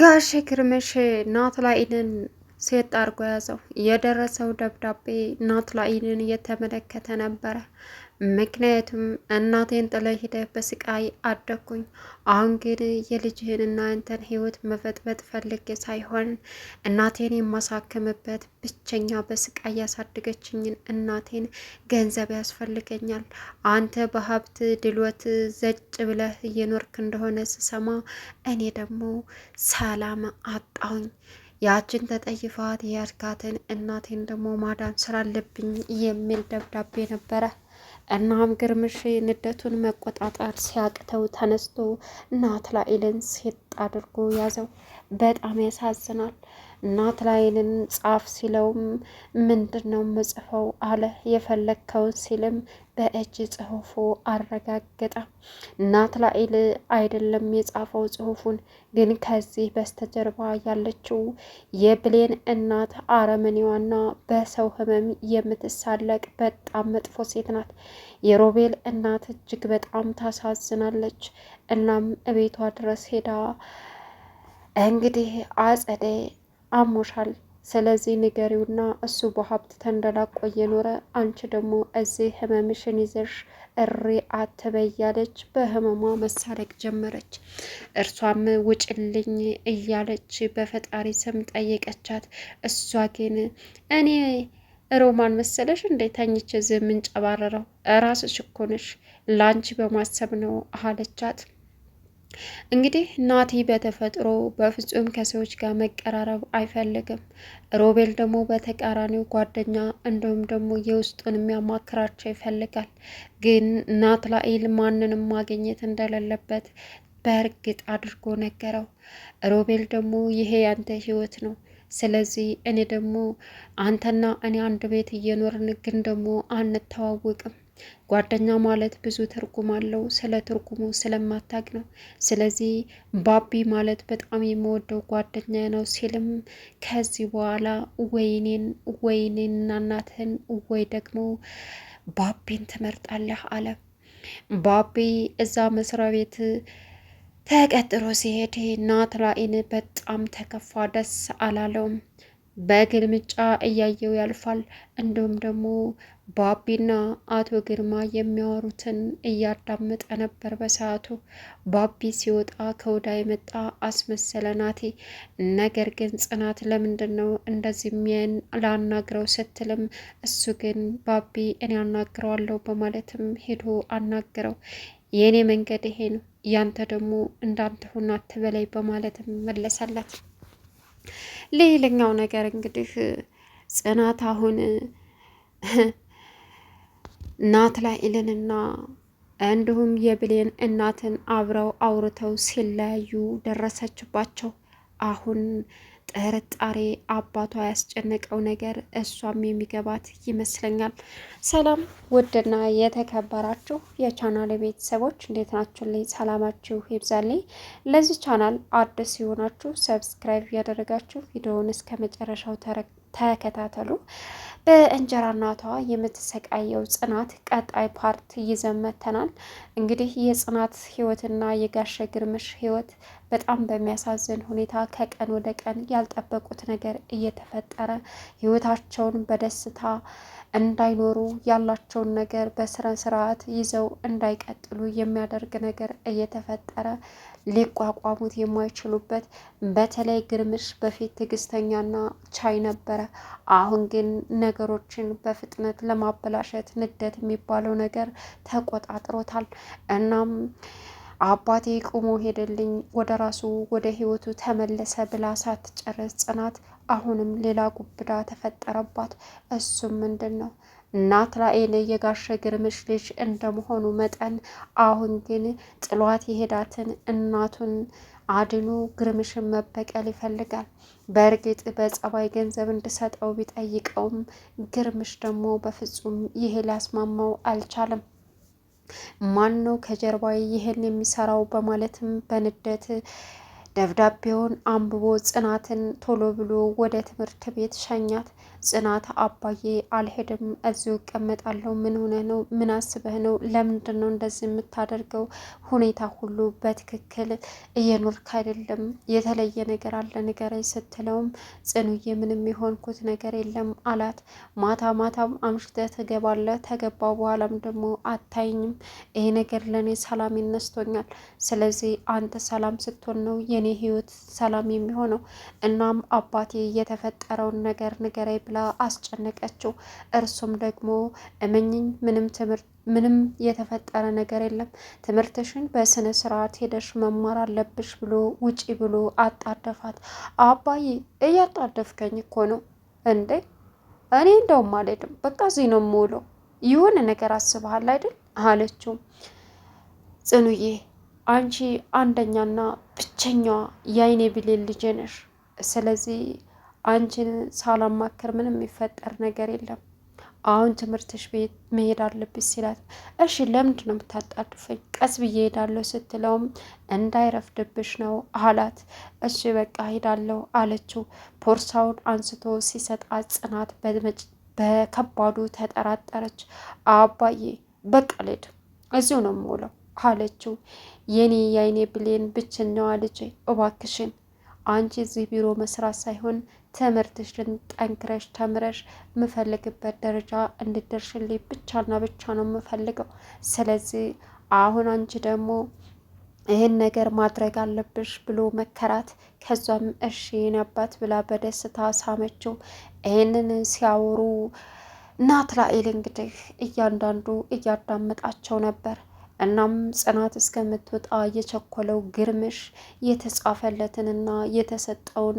ጋሽ ክርምሽ ናትናኤልን ሴት አርጎ ያዘው። የደረሰው ደብዳቤ ናትናኤልን እየተመለከተ ነበረ። ምክንያቱም እናቴን ጥለ ሂደህ በስቃይ አደኩኝ። አሁን ግን የልጅህን እና አንተን ህይወት መፈጥበጥ ፈልጌ ሳይሆን እናቴን የማሳክምበት ብቸኛ በስቃይ ያሳደገችኝን እናቴን ገንዘብ ያስፈልገኛል። አንተ በሀብት ድሎት ዘጭ ብለህ እየኖርክ እንደሆነ ስሰማ እኔ ደግሞ ሰላም አጣሁኝ። ያችን ተጠይፋት የእርካትን እናቴን ደግሞ ማዳን ስላለብኝ የሚል ደብዳቤ ነበረ። እናም ግርምሽ ንደቱን መቆጣጠር ሲያቅተው ተነስቶ ናትናኤልን ሴት አድርጎ ያዘው። በጣም ያሳዝናል። ናትናኤልን ጻፍ ሲለውም ምንድን ነው ምጽፈው አለ። የፈለግከውን ሲልም በእጅ ጽሁፉ አረጋገጠ። ላይል አይደለም የጻፈው ጽሁፉን፣ ግን ከዚህ በስተጀርባ ያለችው የብሌን እናት አረመኔዋና በሰው ህመም የምትሳለቅ በጣም መጥፎ ሴት ናት። የሮቤል እናት እጅግ በጣም ታሳዝናለች። እናም እቤቷ ድረስ ሄዳ እንግዲህ አጸዴ አሞሻል፣ ስለዚህ ንገሪውና እሱ በሀብት ተንደላቆ እየኖረ አንቺ ደግሞ እዚህ ህመምሽን ይዘሽ እሪ አትበያለች። በህመሟ መሳለቅ ጀመረች። እርሷም ውጭልኝ እያለች በፈጣሪ ስም ጠየቀቻት። እሷ ግን እኔ ሮማን መሰለሽ እንዴ ተኝቼ ዝም ምንጨባረረው? ራስሽ እኮ ነሽ፣ በማሰብ ነው አለቻት። እንግዲህ ናቲ በተፈጥሮ በፍጹም ከሰዎች ጋር መቀራረብ አይፈልግም። ሮቤል ደግሞ በተቃራኒው ጓደኛ እንዲሁም ደግሞ የውስጡን የሚያማክራቸው ይፈልጋል። ግን ናትናኤል ማንንም ማግኘት እንደሌለበት በእርግጥ አድርጎ ነገረው። ሮቤል ደግሞ ይሄ ያንተ ህይወት ነው ስለዚህ እኔ ደግሞ አንተና እኔ አንድ ቤት እየኖርን ግን ደግሞ አንተዋወቅም ጓደኛ ማለት ብዙ ትርጉም አለው። ስለ ትርጉሙ ስለማታቅ ነው። ስለዚህ ባቢ ማለት በጣም የምወደው ጓደኛ ነው ሲልም ከዚህ በኋላ ወይኔን ወይኔንና እናትህን ወይ ደግሞ ባቢን ትመርጣለህ አለ። ባቢ እዛ መስሪያ ቤት ተቀጥሮ ሲሄድ ናትናኤል በጣም ተከፋ። ደስ አላለውም። በግልምጫ እያየው ያልፋል። እንዲሁም ደግሞ ባቢና አቶ ግርማ የሚያወሩትን እያዳመጠ ነበር በሰዓቱ። ባቢ ሲወጣ ከወዳ የመጣ አስመሰለ ናቲ። ነገር ግን ጽናት ለምንድን ነው እንደዚህ ሚያን ላናግረው ስትልም፣ እሱ ግን ባቢ እኔ አናግረዋለሁ በማለትም ሄዶ አናግረው የእኔ መንገድ ይሄ ነው፣ ያንተ ደግሞ እንዳንተ ሁን አትበላይ በማለትም መለሰላት። ሌላኛው ነገር እንግዲህ ጽናት አሁን ናትናኤልንና እንዲሁም የብሌን እናትን አብረው አውርተው ሲለያዩ ደረሰችባቸው። አሁን ጥርጣሬ አባቷ ያስጨነቀው ነገር እሷም የሚገባት ይመስለኛል። ሰላም ውድና የተከበራችሁ የቻናል ቤተሰቦች እንዴት ናችሁ? ላይ ሰላማችሁ ይብዛልኝ። ለዚህ ቻናል አዲስ የሆናችሁ ሰብስክራይብ እያደረጋችሁ ቪዲዮውን እስከ መጨረሻው ተረግ ተከታተሉ። በእንጀራ እናቷ የምትሰቃየው ጽናት ቀጣይ ፓርት ይዘመተናል። እንግዲህ የጽናት ህይወትና የጋሸ ግርምሽ ህይወት በጣም በሚያሳዝን ሁኔታ ከቀን ወደ ቀን ያልጠበቁት ነገር እየተፈጠረ ህይወታቸውን በደስታ እንዳይኖሩ ያላቸውን ነገር በስነ ስርዓት ይዘው እንዳይቀጥሉ የሚያደርግ ነገር እየተፈጠረ ሊቋቋሙት የማይችሉበት በተለይ ግርምሽ በፊት ትዕግስተኛና ቻይ ነበረ። አሁን ግን ነገሮችን በፍጥነት ለማበላሸት ንደት የሚባለው ነገር ተቆጣጥሮታል እናም አባቴ ቆሞ ሄደልኝ ወደ ራሱ ወደ ህይወቱ ተመለሰ ብላ ሳትጨርስ ጽናት አሁንም ሌላ ጉብዳ ተፈጠረባት። እሱም ምንድን ነው ናትናኤል የጋሸ ግርምሽ ልጅ እንደመሆኑ መጠን አሁን ግን ጥሏት የሄዳትን እናቱን አድኑ ግርምሽን መበቀል ይፈልጋል። በእርግጥ በጸባይ ገንዘብ እንድሰጠው ቢጠይቀውም ግርምሽ ደግሞ በፍጹም ይሄ ሊያስማማው አልቻለም። ማን ነው ከጀርባ ይህን የሚሰራው? በማለትም በንደት ደብዳቤውን አንብቦ ጽናትን ቶሎ ብሎ ወደ ትምህርት ቤት ሸኛት። ጽናት አባዬ አልሄድም፣ እዚሁ እቀመጣለሁ። ምን ሆነ ነው? ምን አስበህ ነው? ለምንድን ነው እንደዚህ የምታደርገው? ሁኔታ ሁሉ በትክክል እየኖርክ አይደለም፣ የተለየ ነገር አለ ንገረኝ ስትለውም ጽኑዬ ምንም የሆንኩት ነገር የለም አላት። ማታ ማታም አምሽተህ ትገባለህ፣ ተገባ በኋላም ደግሞ አታይኝም። ይሄ ነገር ለእኔ ሰላም ይነስቶኛል። ስለዚህ አንተ ሰላም ስትሆን ነው የኔ ህይወት ሰላም የሚሆነው። እናም አባቴ የተፈጠረውን ነገር ንገረኝ ብላ ብላ አስጨነቀችው። እርሱም ደግሞ እመኝኝ፣ ምንም ትምህርት ምንም የተፈጠረ ነገር የለም፣ ትምህርትሽን በስነ ስርዓት ሄደሽ መማር አለብሽ ብሎ ውጪ ብሎ አጣደፋት። አባዬ እያጣደፍከኝ እኮ ነው እንዴ? እኔ እንደውም አልሄድም፣ በቃ እዚህ ነው የምውለው። የሆነ ነገር አስበሃል አይደል? አለችው ጽኑዬ አንቺ አንደኛና ብቸኛዋ የአይኔ ብሌን ልጄ ነሽ። ስለዚህ አንቺን ሳላማከር ምንም የሚፈጠር ነገር የለም። አሁን ትምህርትሽ ቤት መሄድ አለብሽ ሲላት፣ እሺ ለምንድ ነው የምታጣድፈኝ? ቀስ ብዬ ሄዳለሁ ስትለውም እንዳይረፍድብሽ ነው አላት። እሺ በቃ ሄዳለሁ አለችው። ፖርሳውን አንስቶ ሲሰጣት ጽናት በከባዱ ተጠራጠረች። አባዬ በቃ ልድ እዚሁ ነው የምውለው አለችው። የኔ የአይኔ ብሌን ብቸኛዋ ልጄ እባክሽን አንቺ እዚህ ቢሮ መስራት ሳይሆን ትምህርትሽን ጠንክረሽ ተምረሽ የምፈልግበት ደረጃ እንድደርሽልኝ ብቻና ብቻ ነው የምፈልገው። ስለዚህ አሁን አንቺ ደግሞ ይህን ነገር ማድረግ አለብሽ ብሎ መከራት። ከዛም እሺ ነባት ብላ በደስታ ሳመችው። ይህንን ሲያወሩ ናትናኤል እንግዲህ እያንዳንዱ እያዳመጣቸው ነበር። እናም ጽናት እስከምትወጣ የቸኮለው ግርምሽ የተጻፈለትንና የተሰጠውን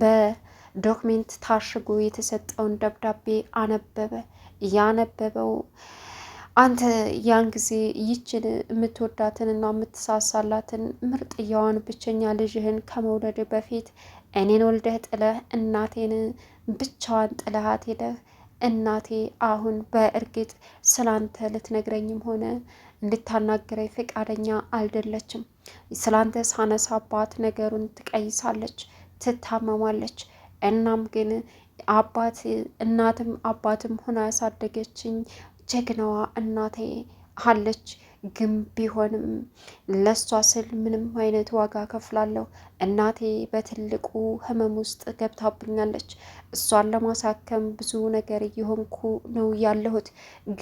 በዶክሜንት ታሽጎ የተሰጠውን ደብዳቤ አነበበ። ያነበበው አንተ ያን ጊዜ ይችን የምትወዳትንና የምትሳሳላትን ምርጥያዋን ብቸኛ ልጅህን ከመውለድ በፊት እኔን ወልደህ ጥለህ እናቴን ብቻዋን ጥለሃት ሄደህ እናቴ አሁን በእርግጥ ስላንተ ልትነግረኝም ሆነ እንድታናግረኝ ፈቃደኛ አልደለችም። ስላንተ ሳነሳባት ነገሩን ትቀይሳለች፣ ትታመማለች። እናም ግን አባት እናትም አባትም ሆና ያሳደገችኝ ጀግናዋ እናቴ አለች ግን ቢሆንም ለሷ ስል ምንም አይነት ዋጋ ከፍላለሁ። እናቴ በትልቁ ህመም ውስጥ ገብታብኛለች። እሷን ለማሳከም ብዙ ነገር እየሆንኩ ነው ያለሁት።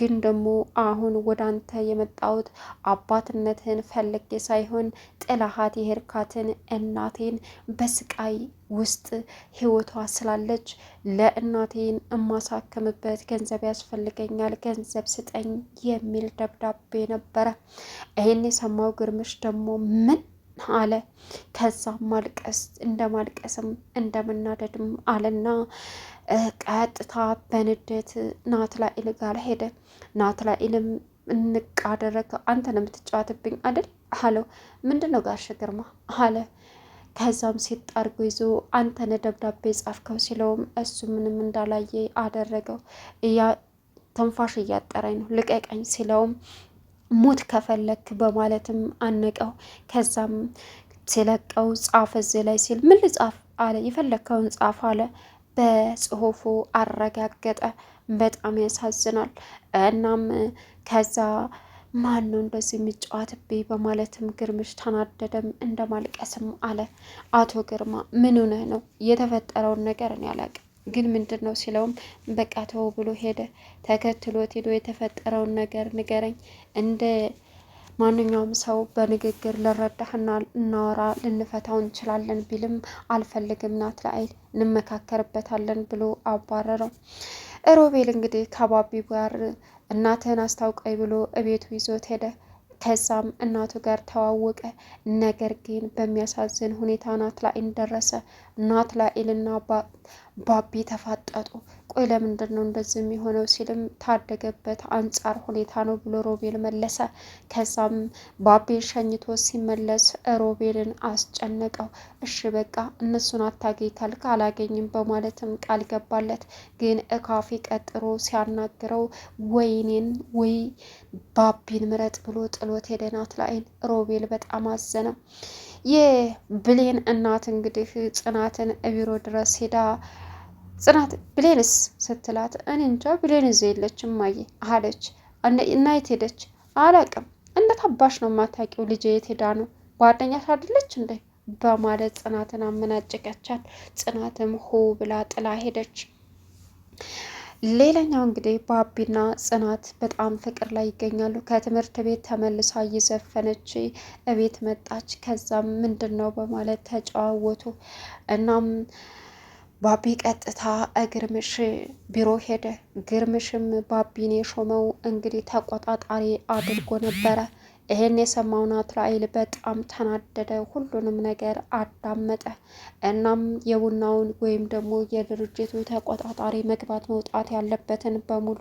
ግን ደግሞ አሁን ወደ አንተ የመጣሁት አባትነትን ፈልጌ ሳይሆን ጥላሃት የሄድካትን እናቴን በስቃይ ውስጥ ህይወቷ ስላለች ለእናቴን እማሳከምበት ገንዘብ ያስፈልገኛል፣ ገንዘብ ስጠኝ የሚል ደብዳቤ ነበረ። ይህን የሰማው ግርምሽ ደግሞ ምን አለ? ከዛ ማልቀስ እንደ ማልቀስም እንደ አለና ቀጥታ በንዴት ናትናኤል ጋር ሄደ። ናትናኤልም እንቅ አንተ ነው የምትጫወትብኝ አይደል አለው። ምንድን ነው ጋሽ ግርማ አለ ከዛም ሲጣርጎ ይዞ አንተነ ደብዳቤ ጻፍከው ሲለውም እሱ ምንም እንዳላየ አደረገው። እያ ተንፋሽ እያጠረኝ ነው ልቀቀኝ ሲለውም ሙት ከፈለክ በማለትም አነቀው። ከዛም ሲለቀው ጻፍ እዚህ ላይ ሲል ምን ልጻፍ አለ። የፈለግከውን ጻፍ አለ። በጽሁፉ አረጋገጠ። በጣም ያሳዝናል። እናም ከዛ ማን ነው እንደዚህ የሚጫወትብኝ? በማለትም ግርምሽ ተናደደም እንደ ማልቀስም አለ። አቶ ግርማ ምን ሆነህ ነው? የተፈጠረውን ነገር እኔ ግን ምንድን ነው ሲለውም በቃ ተው ብሎ ሄደ። ተከትሎት ሄዶ የተፈጠረውን ነገር ንገረኝ እንደ ማንኛውም ሰው በንግግር ልንረዳህና እናወራ ልንፈታው እንችላለን ቢልም አልፈልግም ናት ለአይል እንመካከርበታለን ብሎ አባረረው። ሮቤል እንግዲህ ከባቢ ጋር እናትህን አስታውቀኝ ብሎ እቤቱ ይዞት ሄደ። ከዛም እናቱ ጋር ተዋወቀ። ነገር ግን በሚያሳዝን ሁኔታ ናት ላይ ደረሰ። ናትናኤልና ባቢ ተፋጠጡ። ቆይ ለምንድን ነው እንደዚህ የሚሆነው ሲልም ታደገበት አንጻር ሁኔታ ነው ብሎ ሮቤል መለሰ። ከዛም ባቤን ሸኝቶ ሲመለስ ሮቤልን አስጨነቀው። እሺ በቃ እነሱን አታገኝ ካልክ አላገኝም በማለትም ቃል ገባለት። ግን እካፌ ቀጥሮ ሲያናግረው ወይኔን ወይ ባቢን ምረጥ ብሎ ጥሎት ሄደ ናትናኤል። ሮቤል በጣም አዘነው። የብሌን እናት እንግዲህ ጽናትን ቢሮ ድረስ ሄዳ ጽናት ብሌንስ ስትላት እኔ እንጃ ብሌን እዚህ የለችም እማዬ አለች። እና የት ሄደች አላቅም። እንዴት አባሽ ነው የማታውቂው? ልጄ የት ሄዳ ነው? ጓደኛሽ አደለች እንዴ? በማለት ጽናትን አመናጭቀቻል ጽናትም ሆ ብላ ጥላ ሄደች። ሌላኛው እንግዲህ ባቢና ጽናት በጣም ፍቅር ላይ ይገኛሉ። ከትምህርት ቤት ተመልሳ እየዘፈነች እቤት መጣች። ከዛም ምንድን ነው በማለት ተጨዋወቱ። እናም ባቢ ቀጥታ እግርምሽ ቢሮ ሄደ። ግርምሽም ባቢን የሾመው እንግዲህ ተቆጣጣሪ አድርጎ ነበረ። ይህን የሰማው ናትናኤል በጣም ተናደደ። ሁሉንም ነገር አዳመጠ። እናም የቡናውን ወይም ደግሞ የድርጅቱ ተቆጣጣሪ መግባት መውጣት ያለበትን በሙሉ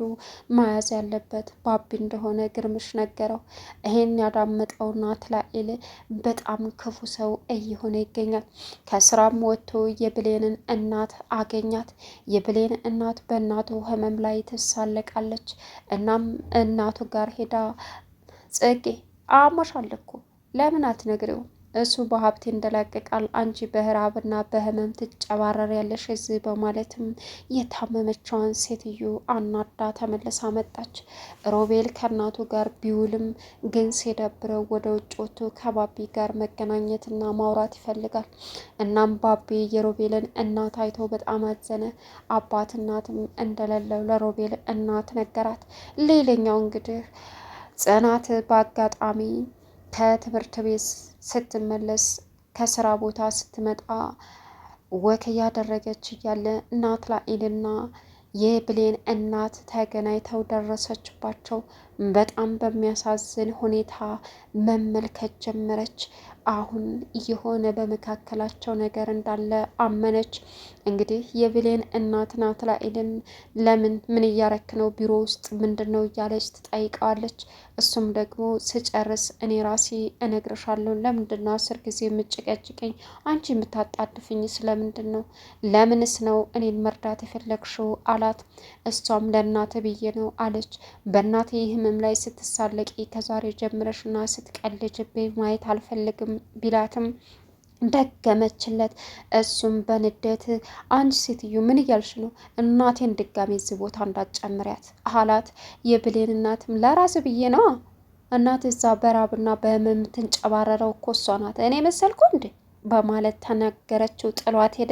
መያዝ ያለበት ባቢ እንደሆነ ግርምሽ ነገረው። ይህን ያዳመጠው ናትናኤል በጣም ክፉ ሰው እየሆነ ይገኛል። ከስራም ወጥቶ የብሌንን እናት አገኛት። የብሌን እናት በእናቱ ህመም ላይ ትሳለቃለች። እናም እናቱ ጋር ሄዳ ጽጌ አሞሻል እኮ ለምን አትነግሪው? እሱ በሀብት እንደላቀቃል፣ አንቺ በህራብና በህመም ትጨባረር ያለሽ እዚህ በማለትም የታመመችዋን ሴትዮ አናዳ ተመልሳ መጣች። ሮቤል ከእናቱ ጋር ቢውልም ግን ሲደብረው ወደ ውጭ ወጥቶ ከባቢ ጋር መገናኘትና ማውራት ይፈልጋል። እናም ባቢ የሮቤልን እናት አይቶ በጣም አዘነ። አባት እናትም እንደሌለው ለሮቤል እናት ነገራት። ሌላኛው እንግዲህ ጽናት በአጋጣሚ ከትምህርት ቤት ስትመለስ ከስራ ቦታ ስትመጣ ወክ እያደረገች እያለ ናትናኤልና የብሌን እናት ተገናኝተው ደረሰችባቸው። በጣም በሚያሳዝን ሁኔታ መመልከት ጀመረች። አሁን የሆነ በመካከላቸው ነገር እንዳለ አመነች። እንግዲህ የብሌን እናት ናትናኤልን ለምን ምን እያረክ ነው ቢሮ ውስጥ ምንድን ነው እያለች ትጠይቀዋለች። እሱም ደግሞ ስጨርስ እኔ ራሴ እነግርሻለሁ። ለምንድን ነው አስር ጊዜ የምጭቀጭቀኝ? አንቺ የምታጣድፍኝ ስለምንድን ነው? ለምንስ ነው እኔን መርዳት የፈለግሽው? አላት። እሷም ለእናተ ብዬ ነው አለች። በእናቴ ይህም ህመም ላይ ስትሳለቂ ከዛሬ ጀምረሽና ስትቀልጅብኝ ማየት አልፈልግም ቢላትም ደገመችለት። እሱም በንዴት አንድ ሴትዮ ምን እያልሽ ነው? እናቴን ድጋሜ እዚህ ቦታ እንዳትጨምሪያት አላት። የብሌን እናትም ለራስ ብዬ ነው እናት እዛ በራብና በህመም ትንጨባረረው እኮ እሷ ናት። እኔ መሰልኩ እንዴ? በማለት ተናገረችው። ጥሏት ሄደ።